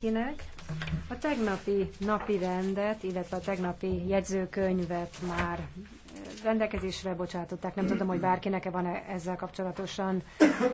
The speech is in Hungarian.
Kinek? A tegnapi napi rendet, illetve a tegnapi jegyzőkönyvet már rendelkezésre bocsátották. Nem tudom, hogy bárkinek-e van -e ezzel kapcsolatosan